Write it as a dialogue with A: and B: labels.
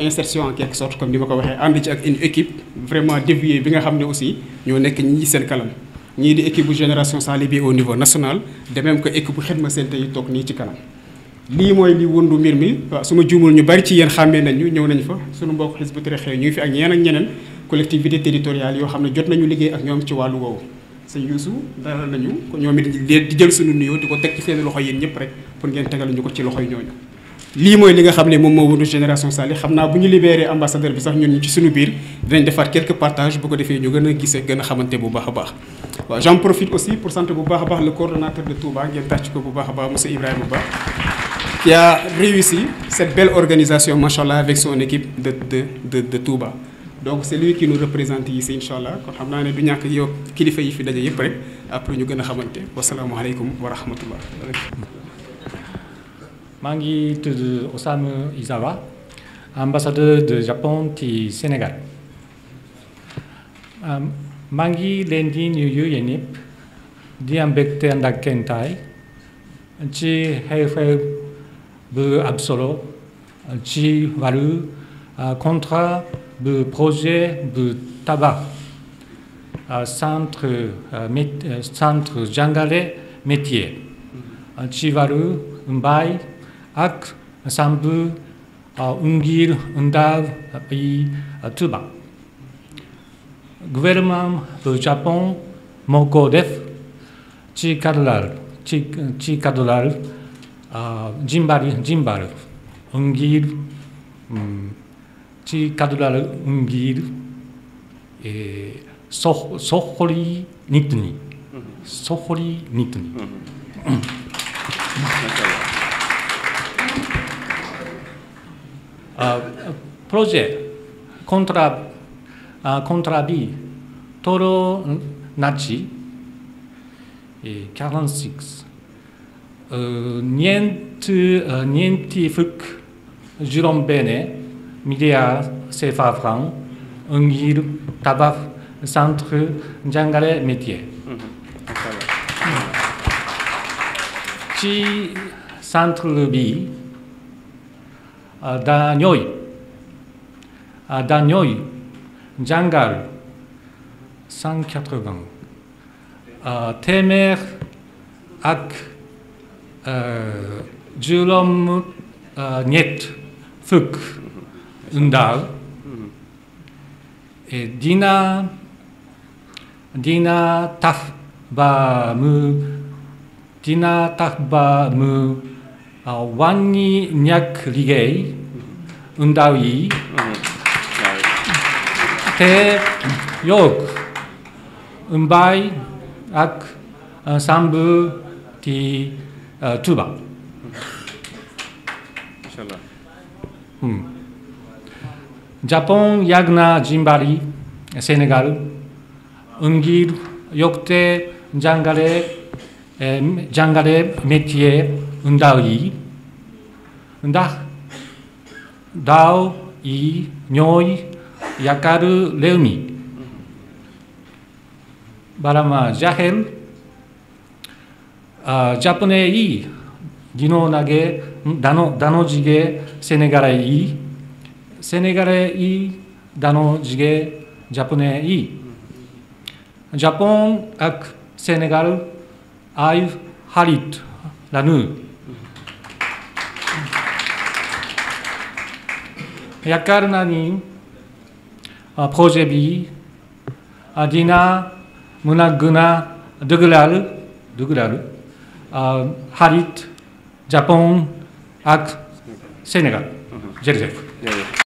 A: insertion en quelque sorte comme ni ma ko waxee ànd ci ak une équipe vraiment dévouée bi nga xam ne aussi ñoo nekk ñi seen kanam ñii di équipe bu génération Sali bi au niveau national de même que équipe bu Xidma Seen Tey toog nii ci kanam. lii mooy li wundu mbir mi waaw su ma juumul ñu bari ci yéen xàmmee nañ ñu ñëw nañ fa suñu mbokk Hizbut Tarqiyyah ñu ngi fi ak ñeneen ak ñeneen collectivité territoriale yoo xam ne jot nañu liggéey ak ñoom ci wàllu woowu. sëñ Youssou dara nañu ko ñoom it di jël suñu nuyoo di ko teg seen loxo yéen ñëpp rek pour ngeen tegal ñu ko ci loxoy ñooñu. lii mooy li nga xam ne moom moo wëndu génération Sali xam naa bu ñu libéré ambassadeur bi sax ñun ñu ci suñu biir dinañ defaat quelques partages bu ko defee ñu gën a gisee gën a xamante bu baax a baax waaw j'en profite aussi pour sant bu baax a baax le coordonnateur de Touba ngeen tàcc ko bu baax a baax monsieur Ibrahima Ba qui a réussi cette belle organisation machallah avec son équipe de de de de Touba donc c'est lui qui nous représente ici incha allah xam naa ne du ñàkk yow kilifa yi fi daje yëpp rek ñu gën a xamante wasalaamualeykum wa rahmatullah
B: maa ngi tudd Osamu Izawa ambassadeur de Japon ci Sénégal um, maa ngi leen di nuyu di am mbégte ànd ak kentaay ci xew-xew bu ab solo ci wàllu uh, contrat bu projet bu tabax uh, centre uh, centre jàngale métier ci wàllu mbay ak ensemble Ungil, Undal, pays Touba. Gouvernement du Japon, Mokodef, Chikadural, Chikadural, Jimbal, Jimbal, Ungil, Chikadural, Ungil, et Sohori Nitni. Sohori Nitni. proje kontra, kontrabi todo naci 46 Nientifuk Jérôme Bene, Midea CFA Franc, Ungir Tabaf Centre Djangale Métier. Ci centre bi Danjoj, Danjoj, Jangal, 180. Temer ak Julom Niet Fuk Undal. Dina Dina Taf Ba Mu Dina Taf Mu 왕이 략리게이 은다위 대욕 은바이 악 삼부 디 투바 자폰 야그나 짐바리 세네갈 은길 욕대 장가레 장가레 메티에 Îndar ei, ndax dau i ñoi yakaru leumi. Barama jahel japonais i gino nage dano dano jige sénégalais i sénégalais i dano jige japonais i. Japon ak senegal ay harit la yaakaar naa ni projet bi dina mën a gën a dëgëral dëgëral xarit Japon ak Sénégal mhm.